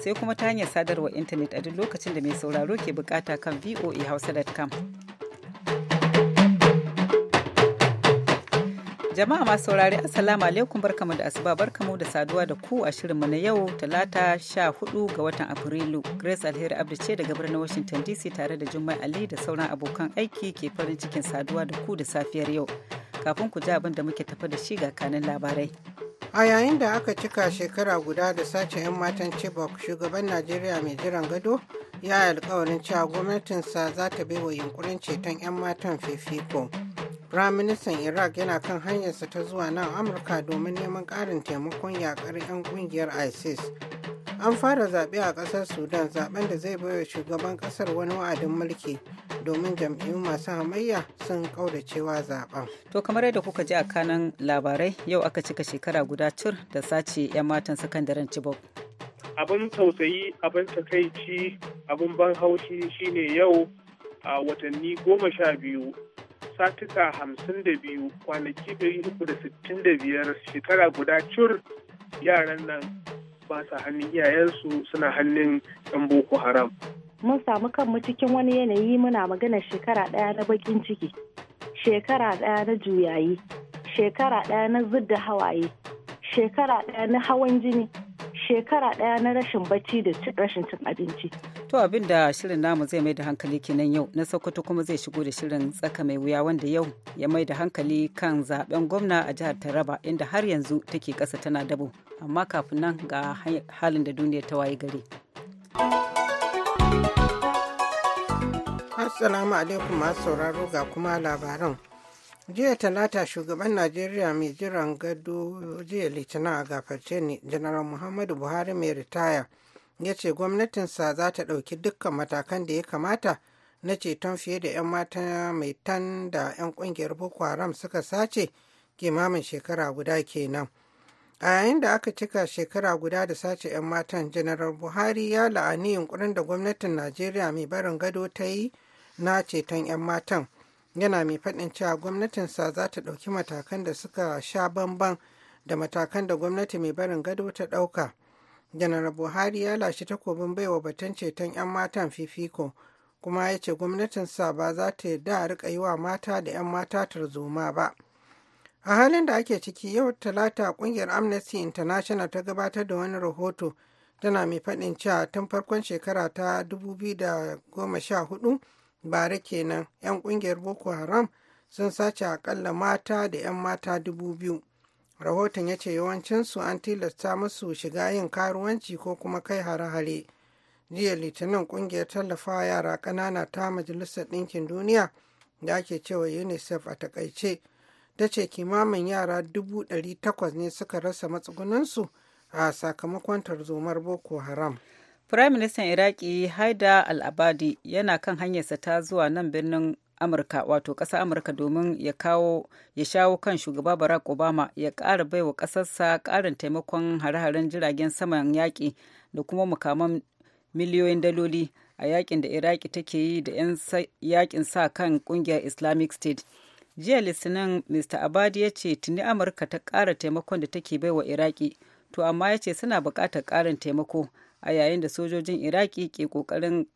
sai kuma ta hanyar sadarwar intanet a duk lokacin da mai sauraro ke bukata kan voahausa.com. Jama'a masu saurari Assalamu alaikum barkamu da asuba barkamu da saduwa da ku a mu na yau talata 14 ga watan Afrilu. Grace Alheri Abdu ce daga birnin Washington DC tare da Jummai Ali da sauran abokan aiki ke farin cikin saduwa da ku da safiyar yau. Kafin ku ji abin da muke tafa da shi ga kanin labarai. a yayin da aka cika shekara guda da sace 'yan matan chibok shugaban najeriya mai jiran gado ya yi alkawarin cewa gwamnatinsa za ta bai wa yunkurin ceton 'yan matan fifiko Firaministan Iraq yana kan hanyarsa ta zuwa nan Amurka domin neman ƙarin taimakon yakar 'yan ƙungiyar ISIS an fara zaɓe a ƙasar sudan zaɓen da zai baiwa shugaban ƙasar wani wa'adin mulki domin jam'iyyun masu hamayya sun cewa zaɓen to kamar yadda kuka ji a kanan labarai yau aka cika shekara guda cur da sace 'yan matan sakandaren chibok abin tausayi abin takaici abin ban haushi shine yau a watanni goma sha biyu satuka hamsin da biyu kwanaki shekara guda cur yaran nan ba sa hannun iyayensu suna hannun 'yan boko haram mun samu kanmu cikin wani yanayi muna magana shekara ɗaya na bakin ciki shekara ɗaya na juyayi shekara ɗaya na zidda hawaye shekara ɗaya na hawan jini shekara ɗaya na rashin bacci da rashin cin abinci To abin da shirin namu zai mai da hankali kenan yau na Sokoto kuma zai shigo da shirin tsaka mai wuya wanda yau ya mai da hankali kan zaben gwamna a jihar Taraba inda har yanzu take kasa tana dabo amma kafin nan ga halin da duniya ta waye gari. Assalamu alaikum masu sauraro ga kuma labaran. Jiya talata shugaban Najeriya mai jiran gado jiya litinin a gafarce ne, general Muhammadu Buhari mai ritaya. ya ce gwamnatinsa za ta ɗauki dukkan matakan da ya kamata na ceton fiye da 'yan mata mai tan da 'yan ƙungiyar boko haram suka sace kimamin shekara guda kenan a yayin da aka cika shekara guda da sace 'yan matan janaral buhari ya la'ani yunkurin da gwamnatin najeriya mai barin gado ta yi na ceton 'yan matan yana mai faɗin cewa gwamnatinsa za ta ɗauki matakan da suka sha bamban da matakan da gwamnati mai barin gado ta ɗauka janar buhari ya lashe takobin baiwa batun ceton 'yan matan fifiko kuma ya ce gwamnatinsa ba za ta yarda a rika yi wa mata da 'yan mata tarzoma ba a halin da ake ciki yau talata kungiyar amnesty international ta gabatar da wani rahoto tana mai faɗin cewa tun farkon shekara ta 2014 bare kenan 'yan kungiyar boko haram sun sace akalla mata da 'yan mata 2000 rahoton ya ce yawancinsu an tilasta musu shiga yin karuwanci ko kuma kai hare-hare jiya litinin kungiyar tallafawa yara kanana ta majalisar ɗinkin duniya da ake cewa unicef a takaice ta ce kimamin yara dubu ɗari takwas ne suka rasa matsugunansu a sakamakon tarzomar boko haram Firaministan Iraki Haida Al-Abadi yana kan hanyarsa ta zuwa nan birnin amurka wato ƙasar amurka domin ya kawo ya shawo kan shugaba barack obama ya ƙara baiwa ƙasarsa ƙarin taimakon hare-haren jiragen saman yaƙi da kuma mukaman miliyoyin daloli a yaƙin da iraki take yi da 'yan yaƙin sa kan ƙungiyar islamic state jiya litinin mr abadi ya ce tuni amurka ta ƙara taimakon da take baiwa iraki to amma ya ce suna buƙatar ƙarin taimako a yayin da sojojin iraki ke ƙoƙarin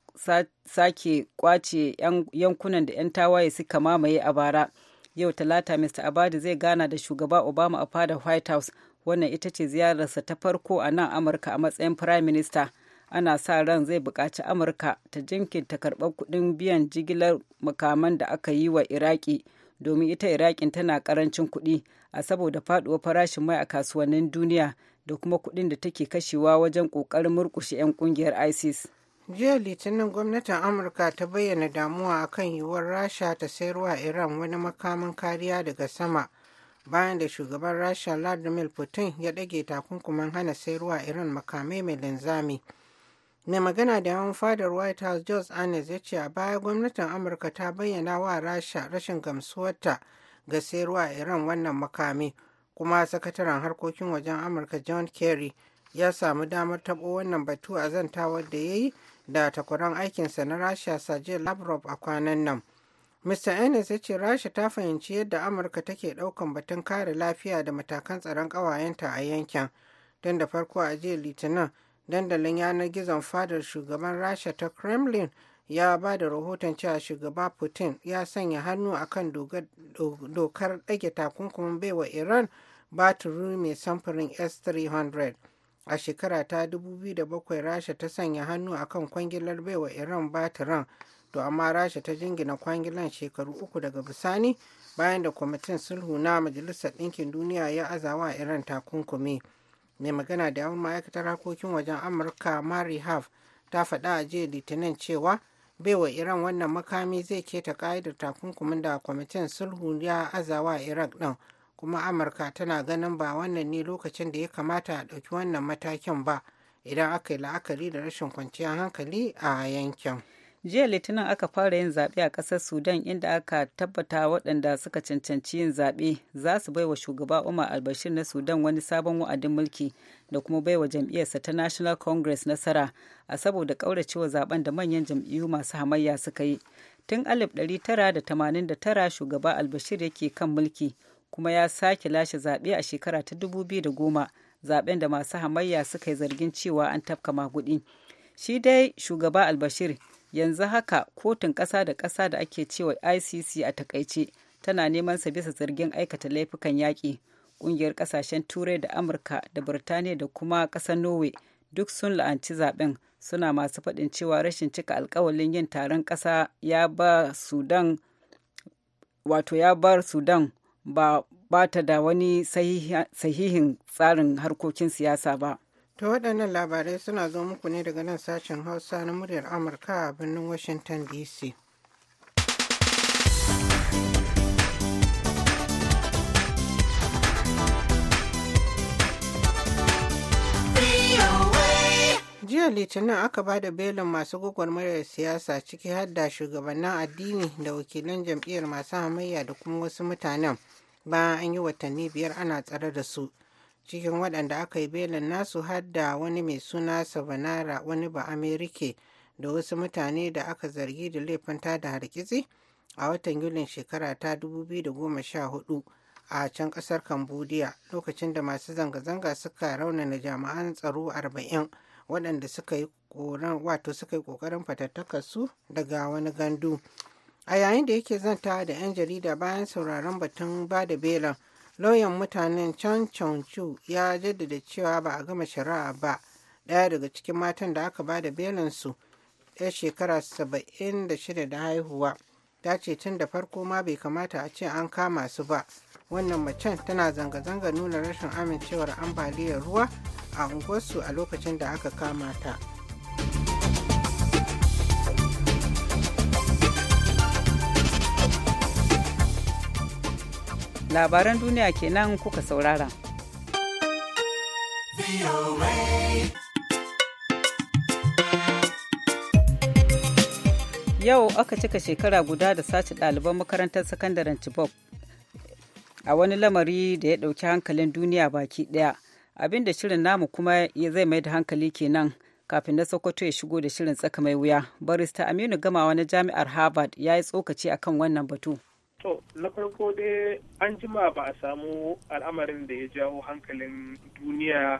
sake kwace yankunan da 'yan tawaye suka mamaye a bara yau talata mr abadi zai gana da shugaba obama a fadar white house wannan ita ce ziyararsa ta farko a nan amurka a matsayin prime minister ana sa ran zai buƙaci amurka ta jinkinta karɓar kuɗin biyan jigilar makaman da aka yi wa iraki domin ita iraƙin tana ƙarancin kuɗi a saboda faɗuwar farashin mai a kasuwannin duniya da kuma kuɗin da take kashewa wajen ƙoƙarin murƙushe 'yan ƙungiyar isis jiya litinin gwamnatin amurka ta bayyana damuwa akan yiwuwar rasha ta sayarwa iran wani makamin kariya daga sama bayan da shugaban rasha vladimir putin ya ɗage takunkuman hana sayarwa iran makamai mai linzami mai magana da yawan fadar white house george annes ya ce a baya gwamnatin amurka ta bayyana wa rasha rashin gamsuwarta ga sayarwa iran wannan makami kuma sakataren harkokin wajen amurka john kerry ya samu damar taɓo wannan batu a zantawar da ya yi da takwaran aikinsa na rasha sergei lavrov a kwanan nan mr ennis ya ce rasha ta fahimci yadda amurka take ɗaukan batun kare lafiya da matakan tsaron ƙawayenta a yankin don da farko a jiya litinin dandalin yanar gizon fadar shugaban rasha ta kremlin ya ba da rahoton cewa shugaba putin ya sanya hannu akan dokar ɗage takunkumin baiwa iran baturu mai samfurin s-300 a shekara ta 2007 rasha ta sanya hannu akan kwangilar baiwa iran batiran to amma rasha ta jingina kwangilan shekaru uku daga bisani bayan da kwamitin sulhu na majalisar ɗinkin duniya ya azawa iran takunkumi mai magana da yawan ma'aikatar harkokin wajen amurka mari haf ta faɗa a jiya litinin cewa baiwa iran wannan makami zai keta ka'idar takunkumin da kwamitin sulhu ya azawa iraq ɗin kuma amurka tana ganin ba wannan ne lokacin da ya kamata a ɗauki wannan matakin ba idan aka yi la'akari da rashin kwanciyar hankali a yankin jiya litinin aka fara yin zaɓe a ƙasar sudan inda aka tabbata waɗanda suka cancanci yin zaɓe za su baiwa shugaba umar albashir na sudan wani sabon wa'adin mulki da kuma baiwa jam'iyyarsa ta national congress nasara a saboda ƙauracewa zaben da manyan jam'iyyu masu hamayya suka yi tun 1989 shugaba albashir yake kan mulki kuma ya sake lashe zaɓe a shekara ta dubu biyu da goma zaɓen da masu hamayya suka yi zargin cewa an tafka maguɗi, Shi dai shugaba Albashir yanzu haka kotun ƙasa da ƙasa da ake cewa ICC a takaice tana neman sa bisa zargin aikata laifukan yaƙi. Ƙungiyar ƙasashen Turai da Amurka da Birtaniya da kuma ƙasar Norway duk sun la'anci zaɓen suna masu faɗin cewa rashin cika alkawalin yin taron ƙasa ya ba Sudan wato ya bar Sudan ba ba ta da wani sahihin tsarin harkokin siyasa ba. To waɗannan labarai suna zo muku ne daga nan sashen Hausa na muryar Amurka a birnin Washington DC. jiya litinin aka ba da belin masu gwagwarmayar siyasa ciki har da shugabannin addini da wakilan jam'iyyar masu hamayya da kuma wasu mutanen bayan an yi watanni biyar ana tsare da su cikin waɗanda aka yi belin nasu har da wani mai suna savanara wani ba amerike da wasu mutane da aka zargi da laifin ta da hargitsi a watan yulin shekara ta 2014 a can ƙasar cambodia lokacin da masu zanga-zanga suka raunana jami'an tsaro 40 waɗanda wato suka yi ƙoƙarin fatattakar su daga wani gandu a yayin da yake zanta da 'yan jarida bayan sauraron batun ba da belan lauyan mutanen chan chu ya jaddada cewa ba a gama shari'a ba ɗaya daga cikin matan da aka ba da su ya shekara 76 da haihuwa ta ce tun da farko ma bai kamata a ce an kama su ba wannan macen tana zanga-zanga nuna rashin amincewar ambaliyar ruwa a unguwarsu a lokacin da aka kama ta. labaran duniya kenan kuka saurara. Yau aka cika shekara guda da sace ɗaliban makarantar sakandaren Chibok a wani lamari da ya ɗauki hankalin duniya baki ɗaya. Abinda shirin namu kuma zai mai da hankali kenan kafin na Sokoto ya shigo da shirin tsaka mai wuya. Barista Aminu Gamawa na Jami'ar Harvard ya yi tsokaci akan wannan batu. To, na farko dai an jima ba a samu al'amarin da ya jawo hankalin duniya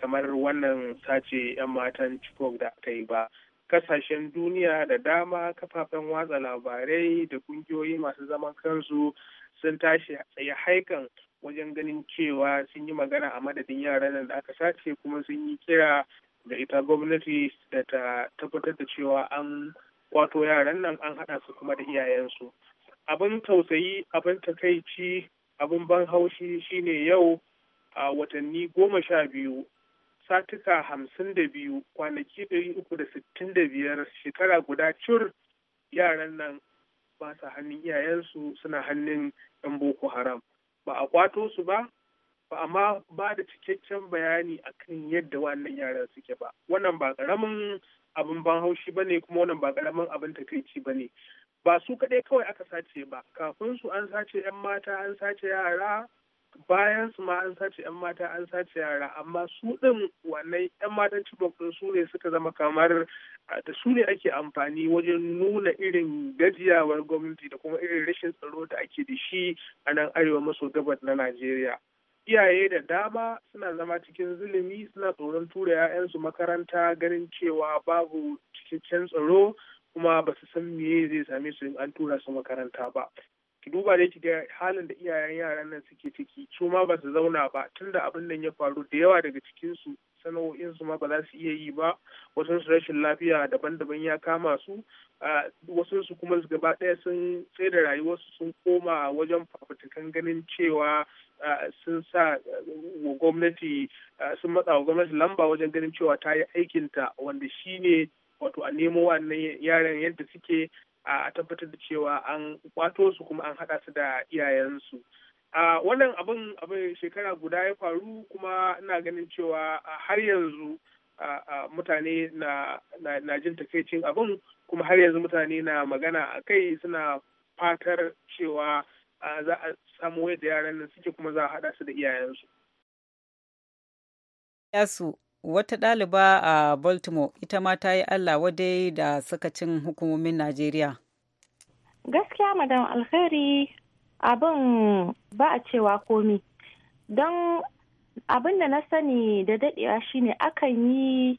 kamar wannan sace 'yan matan Chibok da aka yi ba. Kasashen duniya da dama kafafen watsa labarai da kungiyoyi masu zaman kansu sun tashi tsaye haikan wajen ganin cewa sun yi magana a madadin yaran da aka sace kuma sun yi kira da ita gwamnati da ta tabbatar da cewa an wato yaran nan an haɗa su kuma da iyayensu. abin tausayi abin takaici abin ban haushi shine yau a watanni goma sha biyu satuka hamsin da biyu kwanaki ɗari uku da sittin da biyar shekara guda cur yaran nan ba su hannun iyayensu suna hannun yan boko haram ba a kwato su ba ba amma ba da cikakken bayani akan yadda wannan yaran suke ba wannan ba ƙaramin abin ban haushi ba ne kuma wannan ba ƙaramin abin takaici ba ne ba su kaɗai kawai aka sace ba kafin su an sace 'yan mata an sace yara bayan su ma an sace 'yan mata an sace yara amma su ɗin wannan 'yan matan cibok ɗin su ne suka zama kamar da su ne ake amfani wajen nuna irin gajiyawar gwamnati da kuma irin rashin tsaro da ake da shi a nan arewa maso gabas na najeriya iyaye da dama suna zama cikin zulumi suna tsoron tura 'ya'yansu makaranta ganin cewa babu cikakken tsaro kuma ba su san meye zai same su in an tura su makaranta ba ki duba da ga halin da iyayen yaran nan suke ciki su ma ba su zauna ba tunda abin nan ya faru da yawa daga cikin su sana'o'in su ma ba za su iya yi ba wasu su rashin lafiya daban-daban ya kama su wasu su kuma gaba ɗaya sun tsaye da rayuwarsu sun koma wajen fafutukan ganin cewa sun sa wa gwamnati sun matsa wa gwamnati lamba wajen ganin cewa ta yi aikinta wanda shine wato a nemo wannan yaren yadda suke a tabbatar da cewa an kwato su kuma an haɗa su da iyayensu a wannan abin abin shekara guda ya faru kuma ina ganin cewa har yanzu mutane na jin takaicin abin kuma har yanzu mutane na magana a kai suna fatar cewa za a samu da yaran nan suke kuma za a haɗa su da iyayensu. wata ɗaliba a baltimore ita ma ta yi allah wadai da sakacin hukumomin najeriya gaskiya madam alkhairi abin ba a cewa komi don abin da na sani da daɗewa shine akan yi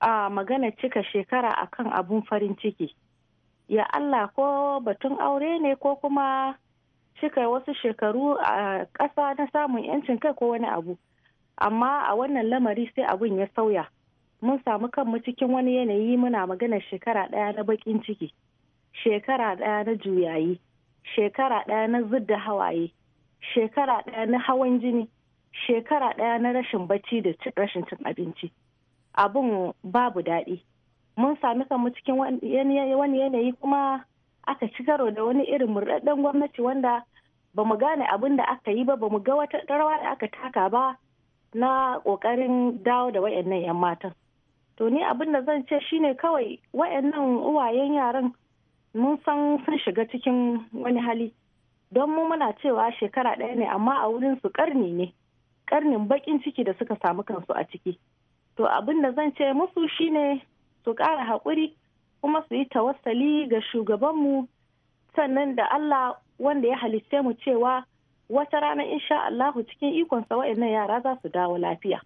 a magana cika shekara akan abun farin ciki ya allah ko batun aure ne ko kuma cika wasu shekaru a ƙasa na samun yancin kai ko wani abu amma a wannan lamari sai abin ya sauya mun samu kanmu cikin wani yanayi muna maganar shekara ɗaya na baƙin ciki shekara ɗaya na juyayi shekara ɗaya na zidda hawaye shekara ɗaya na hawan jini shekara ɗaya na rashin bacci da rashin cin abinci abin babu daɗi mun sami kanmu cikin wani yanayi kuma aka ci karo da wani irin murɗaɗɗen gwamnati wanda ba mu gane abin da aka yi ba ba mu ga wata rawa da aka taka ba na ƙoƙarin dawo da wayannan 'yan matan to ni abin da zan ce shine kawai wayannan uwayen yaran mun san sun shiga cikin wani hali don mu muna cewa shekara ɗaya ne amma a wurin su ƙarni ne karnin baƙin ciki da suka samu kansu a ciki to abin da zan ce musu shine su ƙara haƙuri kuma su yi tawassali ga shugabanmu sannan da Allah wanda ya halitte mu cewa wata rana insha Allahu cikin ikonsa wa'annan yara za su dawo lafiya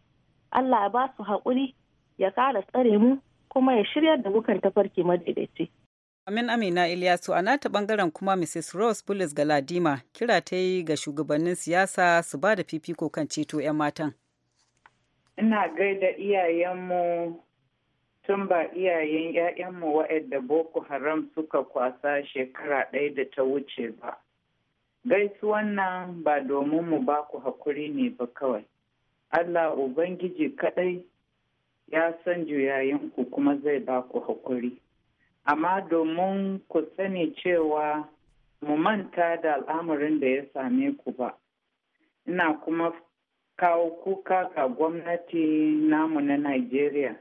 Allah ya ba su haƙuri ya kara tsare mu kuma ya shiryar da mukan tafarki madaidaici. Amin Amina Ilyasu a nata bangaren kuma Mrs. Rose Bullis Galadima kira ta yi ga shugabannin siyasa su ba da fifiko kan ceto 'yan matan. Ina gaida iyayenmu tun ba iyayen 'ya'yanmu waɗanda Boko Haram suka kwasa shekara ɗaya da ta wuce ba. Gaisuwan nan ba domin mu ba ku hakuri ne ba kawai. Allah Ubangiji kaɗai ya san juyayinku kuma zai ba ku hakuri. Amma domin ku sani cewa mu manta da al'amarin da ya same ku ba. Ina kuma kawo kuka ga gwamnati namu na Najeriya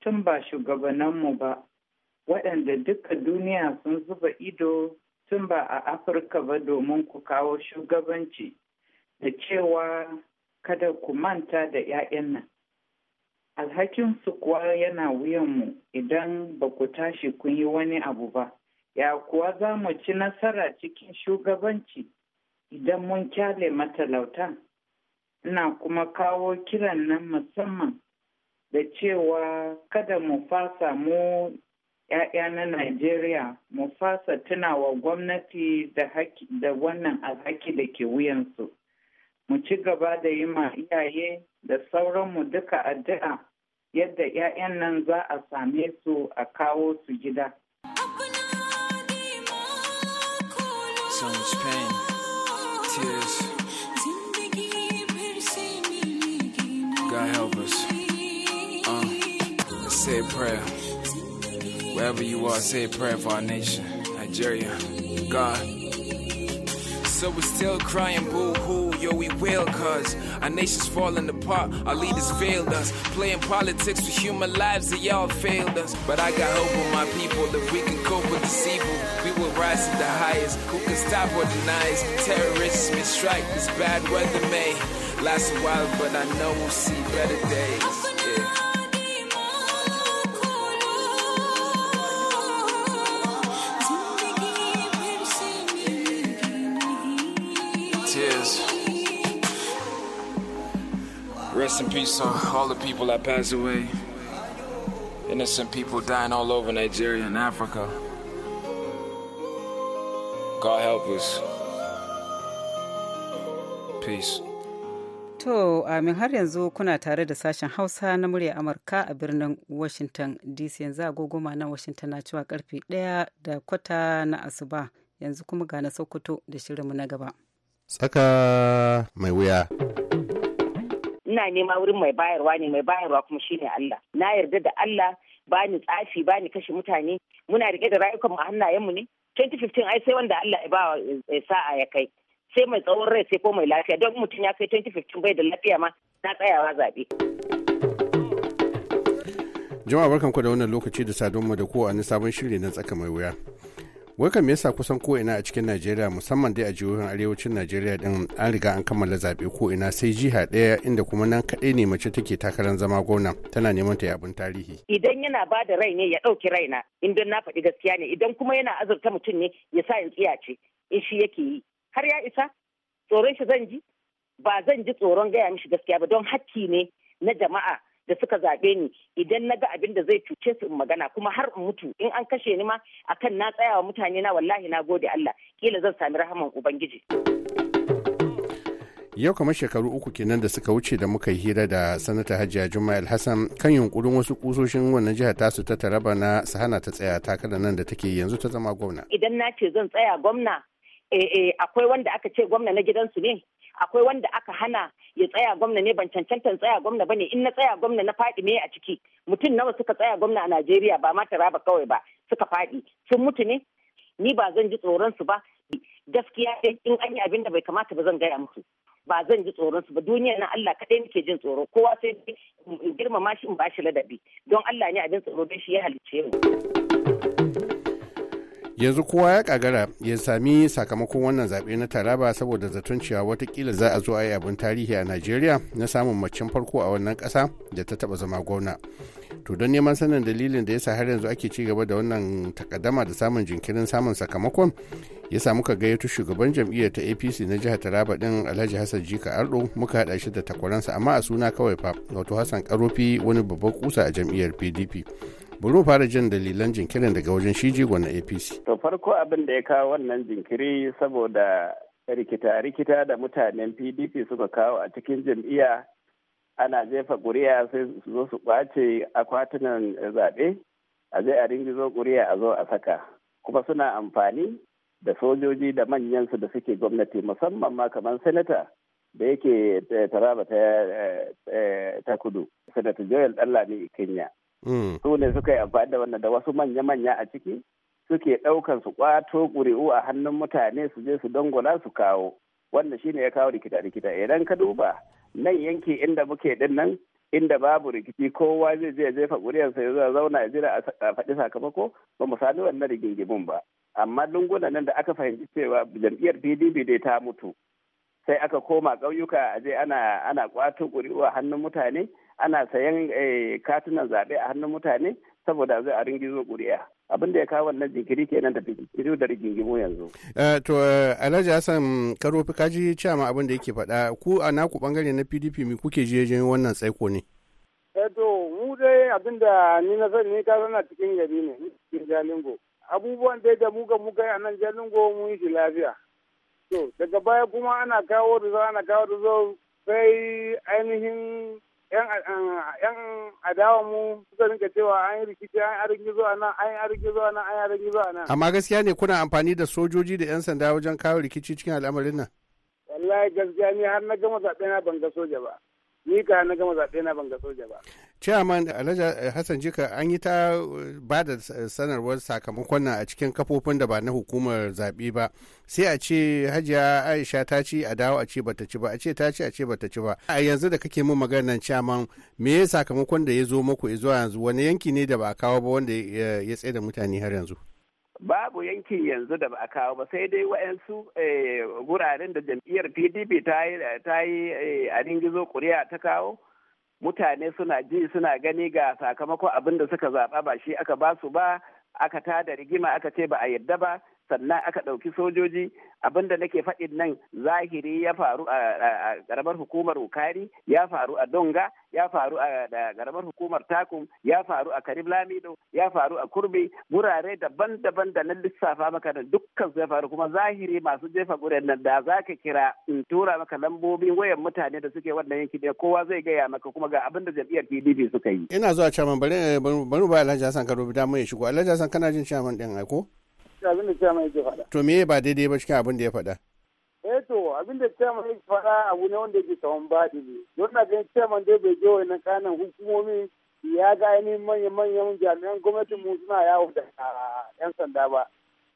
tun ba shugabanninmu ba, waɗanda duka duniya sun zuba ido tun ba a afirka ba domin ku kawo shugabanci da cewa kada ku manta da 'ya'yan nan alhakin su kuwa yana wuyan mu idan ba ku tashi kun yi wani abu ba ya kuwa za mu ci nasara cikin shugabanci idan mun kyale matalauta ina kuma kawo kiran nan musamman da cewa kada mu fasa mu 'ya'ya na Najeriya mu fasa tunawa gwamnati da wannan alhaki da ke wuyansu. Mu ci gaba da yi ma iyaye da sauranmu duka addu'a yadda 'ya'yan nan za a same su a kawo su gida. Uh, say a prayer. Wherever you are, say a prayer for our nation. Nigeria, God. So we're still crying boo hoo, yo, we will, cuz our nation's falling apart, our leaders failed us. Playing politics with human lives, they all failed us. But I got hope for my people that we can cope with this evil. We will rise to the highest. Who can stop or deny us? Terrorists may strike, this bad weather may last a while, but I know we'll see better days. Yeah. Rest in peace on all the people that passed away. Innocent people dying all over Nigeria and Africa. God help us. Peace. To, amin har yanzu kuna tare da sashen Hausa na murya Amurka a birnin Washington DC yanzu agogoma na Washington na cewa karfe ɗaya da kwata na asuba yanzu kuma ga na Sokoto da shirinmu na gaba. Tsaka mai ina nema wurin mai bayarwa ne mai bayarwa kuma shine Allah na yarda da Allah bani tsafi bani kashe mutane muna rike da rayukan mu a hannayenmu ne 2015 ai sai wanda Allah ya ba sa'a ya kai sai mai tsawon rai sai ko mai lafiya don mutum ya kai 2015 bai da lafiya ma na tsayawa zabe jama'a barkan ku da wannan lokaci da sadonmu da ko a sabon shiri na tsaka mai wuya wai kam yasa kusan ko ina a cikin najeriya musamman dai a jihohin arewacin najeriya din an riga an kammala zaɓe ko ina sai jiha ɗaya inda kuma nan kaɗai ne mace take takarar zama gwamna tana neman ta abin tarihi idan yana ba da rai ne ya ɗauki raina idan na faɗi gaskiya ne idan kuma yana azurta mutum ne ya sa in tsiyace in shi yake yi har ya isa tsoron shi zan ji ba zan ji tsoron gaya mishi gaskiya ba don hakki ne na jama'a da suka zaɓe ni idan na ga abin da zai cuce su in magana kuma har in mutu in an kashe ni ma akan na tsayawa mutane na wallahi na gode Allah kila zan sami rahaman ubangiji yau kamar shekaru uku kenan da suka wuce da muka yi hira da sanata hajiya jumail hassan kan yunkurin wasu kusoshin wannan jihar tasu ta taraba na sahana ta tsaya takarar nan da take yanzu ta zama gwamna idan na ce zan tsaya gwamna eh, eh, akwai wanda aka ce gwamna na gidansu ne akwai wanda aka hana ya tsaya gwamna ne ban cancanta tsaya gwamna bane in na tsaya gwamna na faɗi ne a ciki mutum nawa suka tsaya gwamna a Najeriya ba ma raba kawai ba suka faɗi sun mutu ne ni ba zan ji tsoron su ba gaskiya ne in an yi abin da bai kamata ba zan gaya musu ba zan ji tsoron su ba duniya na Allah kaɗai nake jin tsoro kowa sai girmama shi in ba shi ladabi don Allah ne abin tsoro bai shi ya halicce mu. yanzu kowa ya kagara ya sami sakamakon wannan zaɓe na taraba saboda zaton cewa watakila za a zo a yi abin tarihi a najeriya na samun macen farko a wannan ƙasa da ta taɓa zama gwamna to don neman sanin dalilin da ya sa har yanzu ake ci gaba da wannan takaddama da samun jinkirin samun sakamakon ya sa muka gayyato shugaban jam'iyyar ta apc na jihar taraba din alhaji hassan jika ardo muka haɗa shi da takwaransa amma a suna kawai fa wato hassan karofi wani babban kusa a jam'iyyar pdp bari mu fara jin dalilan jinkirin daga wajen shi jigon na apc to farko abin da ya kawo wannan jinkiri saboda rikita-rikita da mutanen pdp suka kawo a cikin jam'iyya ana jefa ƙuri'a sai su zo su ɓace akwatunan zaɓe a zai a zo ƙuri'a a zo a saka kuma suna amfani da sojoji da manyansu da suke gwamnati musamman ma kamar sanata da yake eh, taraba ta eh, eh, kudu sanata joel ɗanlami kenya Mm. su ne suka yi amfani da wannan da wasu manya-manya a ciki suke ɗaukan su kwato ƙuri'u a hannun mutane su je su dongola su kawo wannan shine ya kawo rikita-rikita idan ka duba nan yanki inda muke din nan inda babu rikici kowa zai je jefa ƙuri'arsa ya zauna ya jira a faɗi sakamako ba mu sami wannan rigingimun ba amma lungunan nan da aka fahimci cewa jam'iyyar pdp dai ta mutu sai aka koma ƙauyuka a je ana ana kwato ƙuri'u a hannun mutane ana sayan eh, katunan zaɓe a hannun mutane saboda zai a ringizo ƙuri'a abin da ya kawo wannan jinkiri kenan da fito da rigingimo yanzu. Eh, to eh, alhaji hassan ka kaji cewa abin da yake faɗa ku a naku bangare na pdp mi kuke je wannan tsaiko ne. to mu dai abin da ni na sani ni ka zana cikin gari ne cikin jalingo abubuwan dai da muka muka a nan jalingo mun yi shi lafiya. to daga baya kuma ana kawo da zo ana kawo da zo sai ainihin 'yan adawa mu suka rinka cewa an yi rikici an yi gizo a nan an yi gizo nan an yi gizo nan. Amma gaskiya ne kuna amfani da sojoji da 'yan sanda wajen kawo rikici cikin al'amarin nan? Wallahi gaskiya ne har na gama zaɓe na ban ga soja ba. ni ka na gama zaɓe na ban ga soja ba. Chairman Alhaji Hassan Jika an yi ta ba da sanarwar sakamakon nan a cikin kafofin da ba na hukumar zaɓe ba sai a ce Hajiya Aisha ta ci a dawo a ce bata ci ba a ce ta ci a ce bata ci ba a yanzu da kake mun nan chairman me ya sakamakon da ya zo muku zuwa yanzu wani yanki ne da ba a kawo ba wanda ya tsaye da mutane har yanzu. babu yankin yanzu da ba a kawo ba sai dai wa'yansu eh, guraren da jam'iyyar pdp ta yi eh, a ringizo ta kawo mutane suna ji suna gani ga sakamakon abin da suka zaɓa ba shi aka ba su ba aka tada rigima aka ce ba a yadda ba sannan aka ɗauki sojoji abin da nake faɗin nan zahiri ya faru a ƙaramar hukumar wukari ya faru a donga ya faru a ƙaramar hukumar takum ya faru a karib lamido ya faru a kurbi wurare daban-daban da na lissafa maka da dukkan su ya faru kuma zahiri masu jefa guren nan da za ka kira in tura maka lambobin wayan mutane da suke wannan yanki da kowa zai gaya maka kuma ga abin da jam'iyyar pdp suka yi ina zuwa chairman bari bari ba alhaji hassan ka mu ya shigo alhaji hassan kana jin chairman din aiko cikin abin da chairman yake faɗa. To me ba daidai ba cikin abin da ya faɗa? Eh to abin da chairman yake faɗa abu ne wanda yake kaman baɗi ne. Don na ganin chairman dai bai je wani kanan hukumomi ya ga ainihin manyan manyan jami'an gwamnatin mu suna yawo da ah, 'yan sanda ba.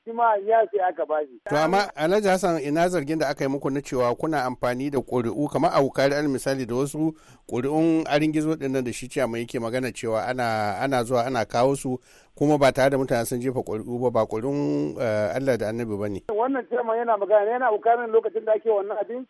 shi ma ya sai aka bashi. To amma Alhaji Hassan ina zargin da aka yi muku na cewa kuna amfani da ƙuri'u kamar a wukari al misali da wasu ƙuri'un aringizo ɗin nan da shi ce mai yake magana cewa ana ana zuwa ana kawo su kuma ba tare da mutane sun jefa ƙuri'u ba ba ƙuri'un eh, Allah da Annabi ba ne. Wannan ciyama yana magana yana wukarin lokacin da ake wannan abin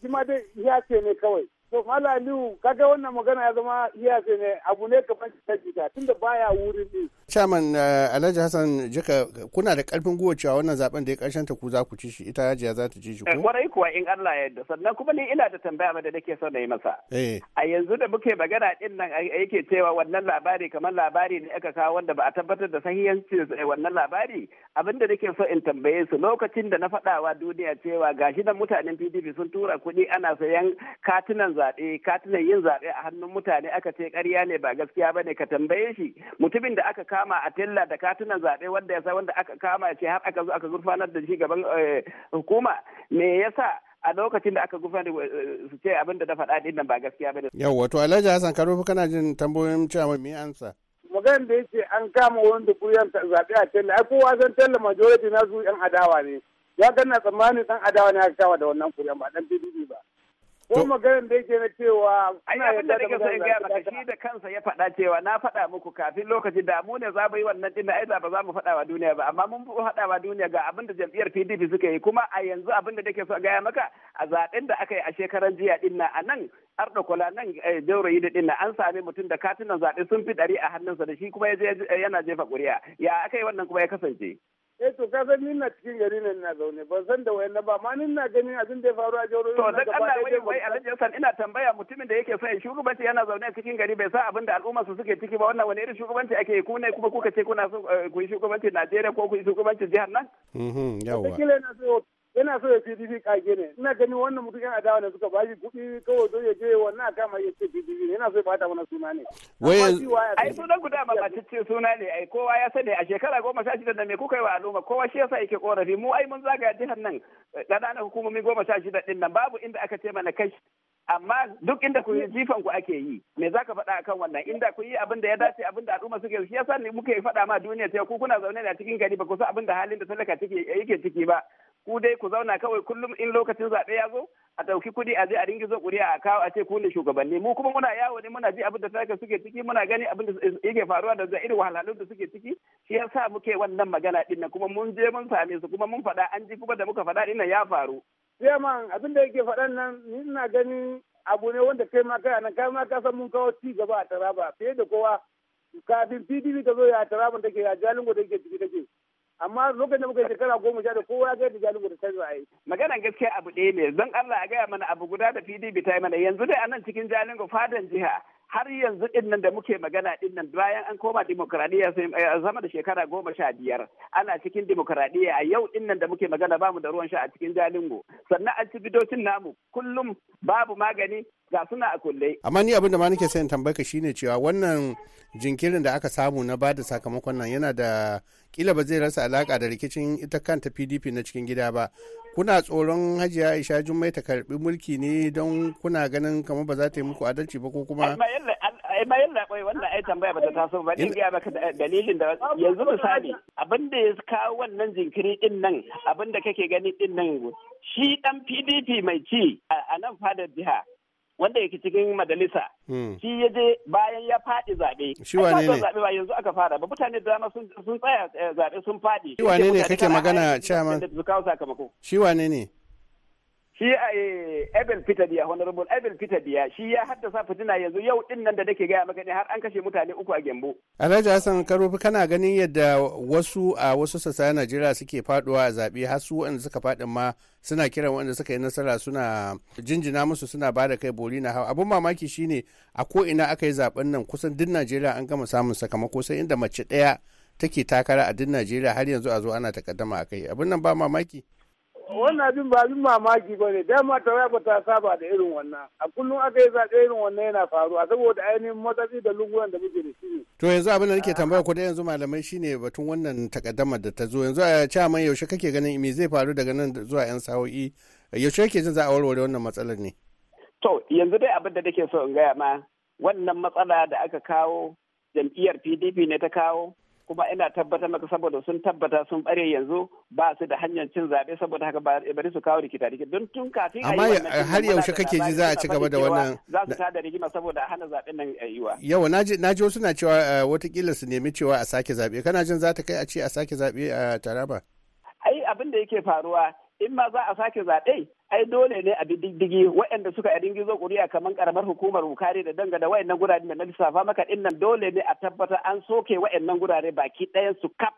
shi dai ya ce ne kawai. to malaliu kaga wannan magana ya zama iya ne abu ne kamar ta tun tunda baya wurin ne chairman eh, alhaji hassan jika kuna da karfin gwiwa cewa wannan zaben da ya karshen ta ku za ku ci shi ita ya za ta ci shi eh, kwarai kuwa in Allah ya yarda sannan kuma ni ina da tambaya da nake so na yi masa eh. a yanzu da muke magana din nan yake cewa wannan labari kamar labari ne aka kawo wanda ba a tabbatar da sahihancin wannan labari abinda nake so in tambaye su lokacin da na faɗawa duniya cewa gashi da mutanen PDP sun tura kuɗi ana sayan katunan zaɓe katunan yin zaɓe a hannun mutane aka ce ƙarya ne ba gaskiya ba ne ka tambaye shi mutumin da aka kama a tella da katunan zaɓe wanda ya sa wanda aka kama ce har aka zo aka gurfanar da shi gaban eh, hukuma me yasa a lokacin da aka gufani eh, su ce abin da na faɗa din nan ba gaskiya bane. Yau wato Alhaji Hassan Karofi kana jin tambayoyin cewa me ansa. Magan da yake an kama wanda kuyan zaɓe a tella ai kowa san tella majority na su yan adawa ne. Ya ganna tsammani dan adawa ne aka kama da wannan kuyan ba dan PDP ba. ko maganar da yake na cewa ina yadda da maganar da maka shi da kansa ya faɗa cewa na faɗa muku kafin lokaci da mu ne za mu yi wannan din ai za ba za mu faɗa wa duniya ba amma mun faɗa wa duniya ga abin da jam'iyyar PDP suka yi kuma a yanzu abin da nake so gaya maka a zaben da aka yi a shekarar jiya din nan a nan Ardo Kola nan eh, Jaurayi da din an sami mutum da katunan zaɓe sun fi ɗari a hannunsa da shi kuma yana jefa ƙuri'a ya aka yi wannan kuma ya kasance. eh to ka san nina na cikin gari ne na zaune ban san da wayanna ba ma ni na ganin abin da ya faru a jauro to dan Allah wai wai Alhaji Hassan ina tambaya mutumin da yake sai shugabanci yana zaune cikin gari bai san abin da al'umma su suke ciki ba wannan wani irin shugabanci ake ku ne kuma kuka ce kuna so eh, ku yi shugabanci Najeriya ko ku yi shugabanci jihar nan mhm yawa kila na yana so ya PDP kage ne ina ganin wannan mutum yana adawa ne suka bashi kuɗi kawai don ya je wannan aka mai ya ce PDP ne yana so ya bata mana suna ne ai sunan guda ba suna ne ai kowa ya sani a shekara goma sha shida da me kuka yi wa al'umma kowa shi yasa yake korafi mu ai mun zagaya jihar nan eh, ƙananan hukumomi goma sha shida din nan babu inda aka ce mana kai amma duk inda ku yi jifan ku ake yi me zaka faɗa akan wannan inda ku yi abin ya dace abin da al'umma suke shi yasa ne muke faɗa ma duniya ta ku kuna zaune ne a cikin gari ba ku san abin da halin da talaka take yake ciki ba ku dai ku zauna kawai kullum in lokacin zaɓe ya zo a ɗauki kuɗi a je a zo ƙuri'a a kawo a ce ku ne shugabanni mu kuma muna yawo ne muna ji abin da talaka suke ciki muna gani abin da eh, yake faruwa da irin wahalhalun da suke ciki shi yasa muke wannan magana dinnan nan kuma mun je mun same su kuma mun faɗa an ji kuma da muka faɗa din ya faru. Yaman abin da yake faɗan nan ni ina gani abu ne wanda kai ma kai nan kai ma ka san mun kawo ci gaba a Taraba fiye da kowa kafin PDP ta zo ya Taraba take ya Jalingo take ciki take. amma lokacin da muka yi shekara goma sha da kowa ya ga yadda jalingo ta a yi. maganan gaskiya abu ɗaya ne zan Allah a gaya mana abu guda da PDP ta yi mana yanzu dai a nan cikin jalingo fadan jiha har yanzu din nan da muke magana din nan bayan an koma demokradiyya sai zama eh, da shekara goma sha biyar ana cikin demokradiyya a yau din nan da muke magana bamu da ruwan sha a cikin jalingo sannan asibitocin namu kullum babu magani ga suna a kulle. amma ni abin da ma nake sayin tambayka shine cewa wannan jinkirin da aka samu na bada sakamakon nan yana da kila ba zai rasa alaka da rikicin ita kanta pdp na cikin gida ba kuna tsoron hajiya aisha jummai ta karbi mulki ne don kuna ganin kamar ba za ta yi muku adalci ba ko kuma ma yalla wannan ai tambaya bata taso ba ni ga dalilin da yanzu misali abinda da ya kawo wannan jinkiri din nan da kake gani din nan shi dan PDP mai ci a nan fadar jiha wanda yake cikin majalisa hmm. shi ya je bayan ya faɗi zaɓe. Shi wane ne? Zaɓe ba yanzu aka fara ba mutane da dama sun tsaya eh, zaɓe sun faɗi. Shi wane ne kake magana chairman? Shi wane ne? shi eh, Abel Peter Biya honorable Abel Peter Biya shi ya haddasa fitina yanzu yau din nan da nake gaya maka ne har an kashe mutane uku a Gembo. Alhaji Hassan Karofi kana ganin yadda wasu a wasu sassa Najeriya suke faduwa a zabe har su wanda suka fadin ma suna kiran wanda suka yi nasara suna jinjina musu suna ba da kai boli na hawa abun mamaki shine a ko ina aka yi zaben nan kusan duk Najeriya an gama samun sakamako sai inda mace daya take takara a duk Najeriya har yanzu a zo ana takaddama a kai abin nan ba mamaki wannan abin ba abin mamaki ba ne ma tawaya ba ta saba da irin wannan a kullum aka yi zaɓe irin wannan yana faruwa saboda ainihin matsatsi da lungunan da muke da shi to yanzu abin da nake tambaya ku da yanzu malamai shine batun wannan takaddamar da ta zo yanzu a caman yaushe kake ganin me zai faru daga nan zuwa yan sa'o'i yaushe kake jin za a warware wannan matsalar ne to yanzu dai abin da nake so in gaya ma wannan matsala da aka kawo jam'iyyar pdp ne ta kawo kuma ina tabbatar maka saboda sun tabbata sun bare yanzu ba su da hanyar cin zaɓe saboda haka bari su kawo rikita rikita don tun kafin a yi wannan har yaushe kake ji za a ci gaba da wannan za su tada rigima saboda hana zaɓen nan yiwa yawa na ji wasu na cewa eh, watakila su nemi cewa a sake zaɓe kana jin za ta kai a ce a sake zaɓe a taraba ai abin da yake faruwa in ma za a sake zaɓe ai dole ne a diddigi waɗanda suka yi ringizo kuri'a kamar karamar hukumar bukari da danga da waɗannan gurare da na lissafa maka nan dole ne a tabbatar an soke waɗannan gurare baki ɗayan su kap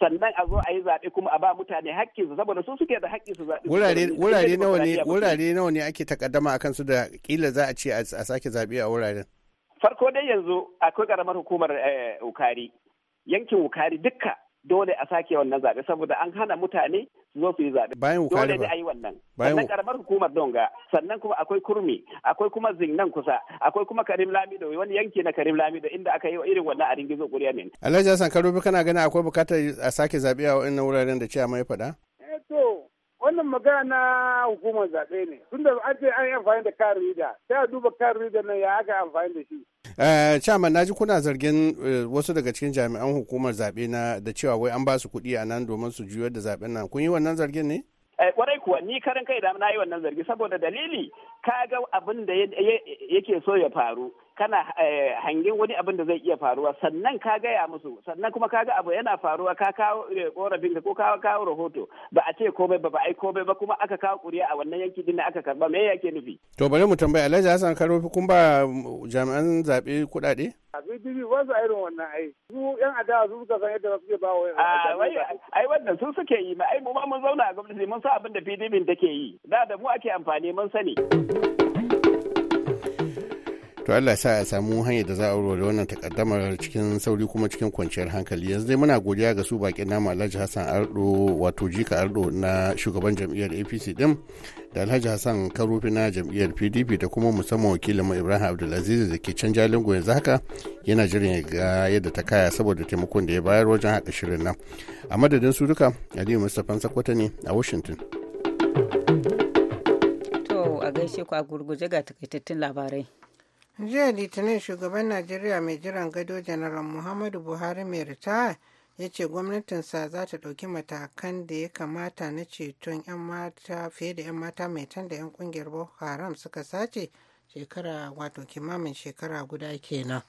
sannan a zo a yi zaɓe kuma a ba mutane hakkin su saboda su suke da hakkin su zaɓe wurare nawa ne wurare nawa ne ake takaddama akan su da kila za a ce a sake zaɓe a wuraren farko dai yanzu akwai karamar hukumar eh, ukari yankin wukari dukka dole a sake wannan zaɓe saboda an hana mutane su zo su yi zaɓe. Bayan Dole ne a yi wannan. Sannan karamar hukumar Donga, sannan kuma akwai Kurmi, akwai kuma Zinnan kusa, akwai kuma Karim Lamido, wani yanki na Karim Lamido inda aka yi wa irin wannan a ringizo ƙuriya ne. Alhaji Hassan Karobi kana ganin akwai bukatar a sake zaɓe a wa'annan wuraren da ciya mai faɗa? Eh, wannan magana na hukumar zaɓe ne tunda an ce an yi amfani da kan rida sai a duba kan rida nan ya aka amfani da shi eh, chairman ji kuna zargin eh, wasu daga cikin jami'an hukumar zaɓe na da cewa wai an ba su kuɗi a nan domin su juyar da zaɓen nan kun yi wannan zargin ne kwarai eh, kuwa ni karan kai da na yi wannan zargi saboda dalili ka ga abin da yake so ya faru kana eh, hangen wani abin da zai iya faruwa sannan ka gaya musu sannan kuma ka ga abu yana faruwa ka kawo eh, korafin ka ko ka kawo rahoto ba a ce komai ba ba ai komai ba kuma aka kawo kuriya a wannan yanki din aka karba me yake nufi to bari mu tambaya Alhaji Hassan Karofi kun ba jami'an zabe kuɗaɗe bibi ba su irin wannan ai su yan adawa su suka san yadda suke ba wa ah, ai wannan su suke yi ma ai mu ma mun zauna a gwamnati mun sa abin da PDP take yi da da mu ake amfani mun sani to Allah sa a samu hanyar da za a da wannan takaddamar cikin sauri kuma cikin kwanciyar hankali yanzu dai muna godiya ga su bakin nama Alhaji Hassan Ardo wato Jika Ardo na shugaban jam'iyyar APC din da Alhaji Hassan Karufi na jam'iyyar PDP da kuma musamman wakilin mu Ibrahim Abdulaziz da ke can Jalingo yanzu haka yana jiran ga yadda ta kaya saboda taimakon da ya bayar wajen haɗa shirin nan a madadin su duka Aliyu Mustapha Sakwata ne a Washington. a gaishe ku a gurguje ga takaitattun labarai. jiya litinin shugaban najeriya mai jiran gado janaral muhammadu buhari mai ritaya ya ce gwamnatinsa za ta ɗauki matakan da ya kamata na ceton 'yan mata fiye da 'yan mata mai tanda da 'yan kungiyar boko haram suka sace shekara wato kimamin shekara guda kenan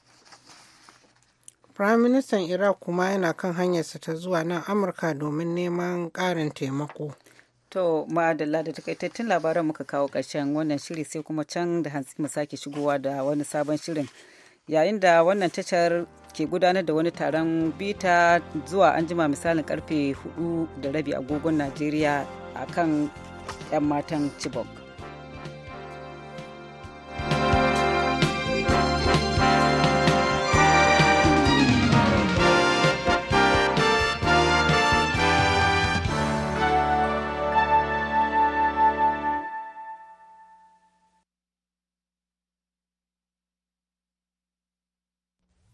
prime minister iraq kuma yana kan hanyarsa ta zuwa nan amurka domin neman ƙarin taimako To ma'adala da takaitattun labaran muka kawo ƙarshen wannan shiri sai kuma can da hantsi mu sake shigowa da wani sabon shirin. Yayin da wannan tashar ke gudanar da wani taron bita zuwa an jima misalin karfe hudu da rabi agogon Najeriya a kan 'yan matan Chibok.